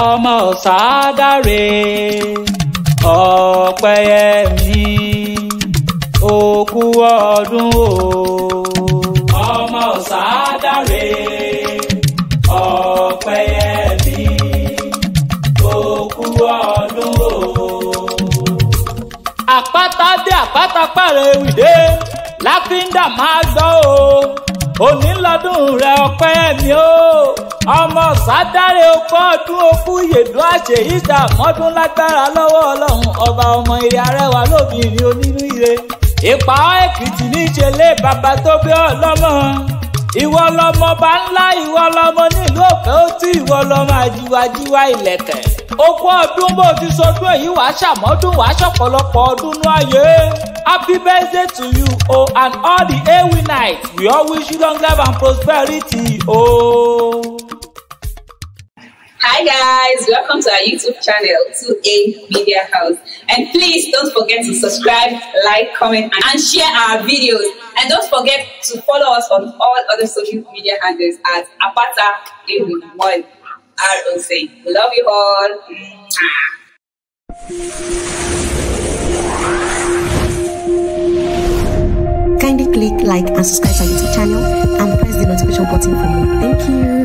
ọmọ ṣàdáre ọ̀pẹ̀yẹ mi òkú ọdún o. ọmọ ṣàdáre ọ̀pẹ̀yẹ mi òkú ọdún o. àpáta dé àpáta pàrẹ̀ ìwìdé láfíńdà máa gbọ́ o òní lọ́dún rẹ ọpẹ́ mi o ọmọ sádàrẹ ọgbọ́n ọdún okú yèdú àṣẹ ìta mọ́dún lágbára lọ́wọ́ ọlọ́run ọba ọmọ ire arẹwà lóbìnrin onínú ire ìpá èkìtì níṣẹ́lẹ̀ bàbá tó bí ọlọ́mọ ìwọ lọmọ bá ńlá ìwọ lọmọ nílùú òkè ó tí ìwọ lọmọ àjíwájíwá ìlẹ̀kẹ̀ okú ọdún bó ti sọdún èyí wàá ṣàmọ́dún wàá ṣọ̀pọ̀lọpọ̀ ọdún ní ayé happy birthday to you o oh, and all the awi night we all wish you long life and prosperity o. Oh. Hi guys, welcome to our YouTube channel, 2A Media House. And please don't forget to subscribe, like, comment, and share our videos. And don't forget to follow us on all other social media handles at Apata in one ROC. Love you all. Kindly click like and subscribe to our YouTube channel and press the notification button for more. Thank you.